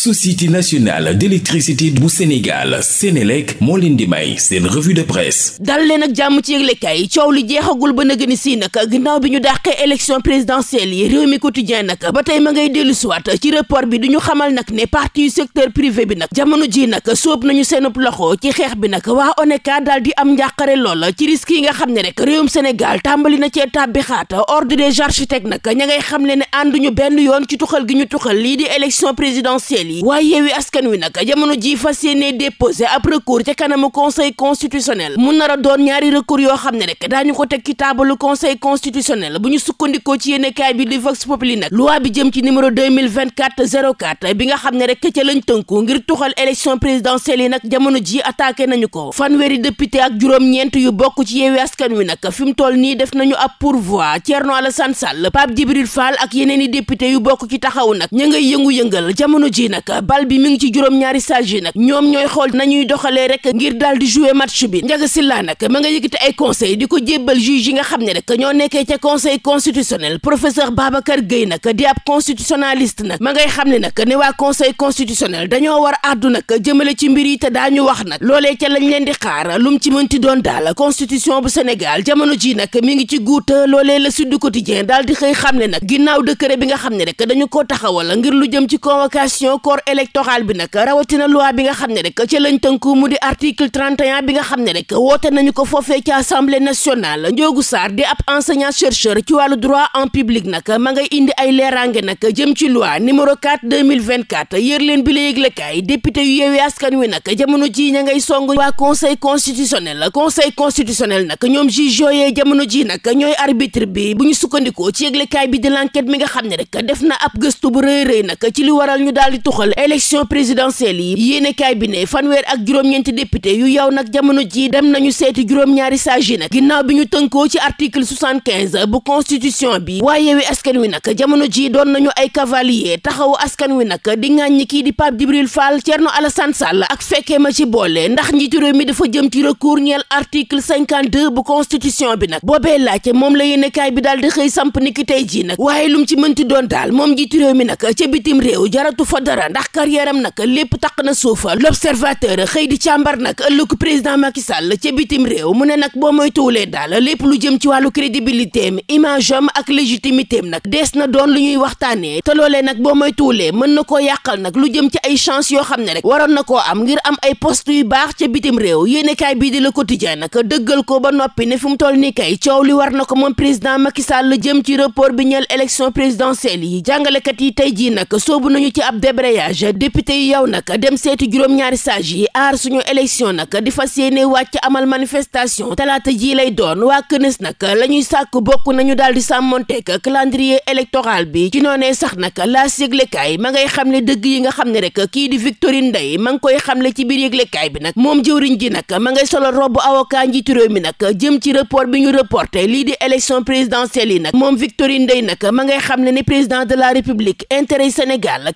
société nationale d'électricité bu Sénégal Sénélec moo leen di may seen revue de presse dal leen ak jàmm ci yëglekaay coow li jeexagul ba nëgëni si nag ginnaaw bi ñu dàqee élection présidentielle yi réew mi quotidien nag ba tey ma ngay dellu ci rapport bi du ñu xamal nag ne parti secteur privé bi nag jamono ji nag sóob nañu seenub loxo ci xeex bi nag waa ONECA daal di am njàqare lool la ci risque yi nga xam ne rek réewum Sénégal tàmbali na ci tàbbi xaat ordre des architectes nag ña ngay xam ne ne ànduñu benn yoon ci tuxal gi ñu tuxal lii di élection présidentielle lii waaye yeewi askan wi nag jamono ji fas yéene déposé ab recours ca kanamu conseil constitutionnel mu nar a doon ñaari recours yoo xam ne rek daañu ko teg ci taabalu conseil constitutionnel bu ñu sukkandikoo ci yéenekaay bi di Vox Populi nag loi bi jëm ci numéro 2024 04 bi nga xam ne rek ca lañ tënku ngir tuxal élection présidentielle yi nag jamono ji attaqué nañu ko fanweeri député ak juróom-ñeent yu bokk ci yeewi askan wi nag fi mu toll nii def nañu ab pourvoi Thierno Alassane Sall Pape Djibril Fall ak yeneen i député yu bokk ci taxaw nag ña ngay yëngu jamono ji nag bal bi mi ngi ci juróom-ñaari sages yi nag ñoom ñooy xool nañuy doxalee rek ngir daal di jouer match bi Ndiaga silla nag ma nga yëkkati ay conseil di ko jébbal juge yi nga xam ne rek ñoo nekkee ca conseil constitutionnel professeur Babacar Gueye nag di ab constitutionnaliste nag ma ngay xam ne nag ne waa conseil constitutionnel dañoo war a àddu nag jëmale ci mbir yi te daañu wax nag loolee ca lañ leen di xaar lu mu ci mënti doon daal constitution bu Sénégal jamono ji nag mi ngi ci guut loolee la Sud Quotidien daal di xëy xam ne nag ginnaaw décret bi nga xam ne rek dañu ko taxawal ngir lu jëm ci convocation corps électoral bi nag rawatina loi bi nga xam ne rek ci lañ tënku mu di article 31 bi nga xam ne rek woote nañu ko foofee ci assemblée nationale Ndiogou Sarr di ab enseignant chercheur ci wàllu droit en public nag ma nga indi ay leeraange nag jëm ci loi numéro 4 2024 yër leen bi la yëglekaay député yu yeewi askan wi nag jamono ji ña ngay song waa conseil constitutionnel conseil constitutionnel nag ñoom juge yooyee jamono ji nag ñooy arbitre bi bu ñu sukkandikoo ci yëglekaay bi di l'enquête mi nga xam ne rek def na ab gëstu bu rëy rëy li waral ñu daal di soxal élection présidentielle yi yéenekaay bi ne fanweer ak juróom-ñeenti député yu yow nag jamono ji dem nañu seeti juróom-ñaari saa ji nag ginnaaw bi ñu tënkoo ci article 75 bu constitution bi waaye Yewwi askan wi nag jamono ji doon nañu ay cavalier taxawu askan wi nag di ŋàññi kii di Pape Djibril Fall Thierno Alassane Sall ak fekkee ma ci boole ndax njiitu réew mi dafa jëm ci recours ñeel article 52 bu constitution bi nag boobee laajte moom la yéenekaay bi daal di xëy samp niki tey ji nag waaye lu mu ci mënti doon daal moom njiitu réew mi nag ca bitim réew jaratu fa dara ndax carrière am nag lépp taq na suuf l'observateur xëy di càmbar nag ëllëg président Macky Sall ca bitim réew mu ne nag boo moytuwulee daal lépp lu jëm ci wàllu crédibilité am image am ak légitimité am nag dees na doon lu ñuy waxtaanee te loolee nag boo moytuwulee mën na koo yàqal nag lu jëm ci ay chance yoo xam ne rek waroon na koo am ngir am ay poste yu baax ca bitim réew yéenekaay bii di Le Quotidien nag dëggal ko ba noppi ne fi mu toll nii kay coow li war na ko moom président Macky Sall jëm ci report bi ñeel élection présidentielle yi jàngalekat yi tey jii nag soobu nañu ci ab débrayage parrainage député yi yow nag dem seeti juróom-ñaari sages yi aar suñu élection nag di fas yéene wàcc amal manifestation talaata ji lay doon waa kënes nag la ñuy sàkk bokk nañu daal di sàmmonteeg calendrier électoral bi ci noonee sax nag laas yëglekaay ma ngay xam ne dëgg yi nga xam ne rek kii di Victorine Ndeye ma ngi koy xamle ci biir yëglekaay bi nag moom jëwriñ ji nag ma ngay solo robu avocat njiitu mi nag jëm ci report bi ñu reporté lii di élection présidentielle yi nag moom Victorine Ndeye nag ma ngay xam ne ne de la république intérêt Sénégal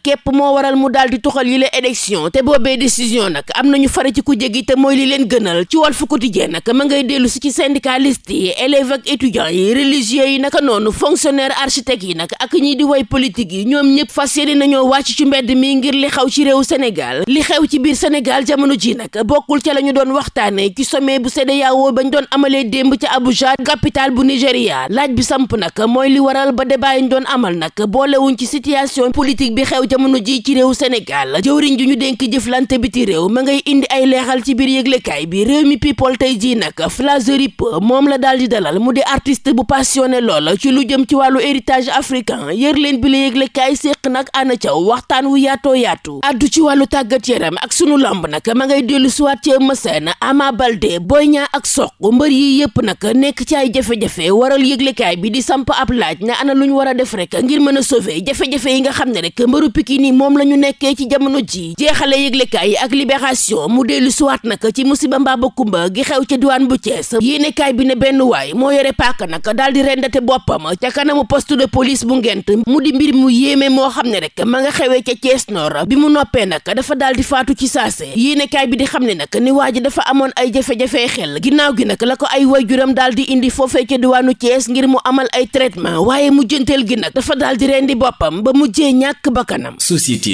waral mu daal di tuxal yi la élection te boobee décision nag am nañu fare ci ku jegi te mooy li leen gënal ci Walf Quotidien nag ma ngay dellu ci syndicaliste yi élèves ak étudiants yi religieux yi naka noonu fonctionnaire architecte yi nag ak ñi di way politique yi ñoom ñëpp fas yéene nañoo wàcc ci mbedd mi ngir li xaw ci réew Sénégal li xew ci biir Sénégal jamono ji nag bokkul ca la ñu doon waxtaane ci sommet bu CEDEAO bañ doon amalee démb ca Abuja capitale bu Nigéria laaj bi samp nag mooy li waral ba débat doon amal nag boolewuñ ci situation ci réew Sénégal jëwriñ ju ñu dénk jëflante biti réew ma ngay indi ay leexal ci biir yëglekaay bi réew mi people tey jii nag Flageolip moom la daal di dalal mu di artiste bu passionné lool ci lu jëm ci wàllu héritage africain yër leen bi la yëglekaay séq nag ana caw waxtaan wu yaatoo yaatu addu ci wàllu tàggat yaram ak sunu lamb nag ma ngay dellu suwaat ci Eumeu Sène Ama Baldé booy Niang ak Sokh mbër yi yëpp nag nekk ci ay jafe-jafe waral yëglekaay bi di samp ab laaj na lu ñu war def rek ngir mën a sauver jafe yi nga xam la ñu nekkee ci jamono ji jeexale yëglekaay yi ak libération mu dellu siwaat nag ci musiba mbaaba kumba gi xew ci diwaan bu Thiès yéenekaay bi ne benn waay moo yore paaka nag daal di rendate boppam ca kanamu poste de police bu ngent mu di mbir mu yéeme moo xam ne rek ma nga xewee ca Thiès Nord bi mu noppee nag dafa di faatu ci saase yéenekaay bi di xam ne nag ni waa ji dafa amoon ay jafe-jafe xel ginnaaw gi nag la ko ay waajuram daal di indi foofee ca diwaanu Thiès ngir mu amal ay traitement waaye mujjanteel gi nag dafa daal di rendi boppam ba mujjee ñàkk bakkanam société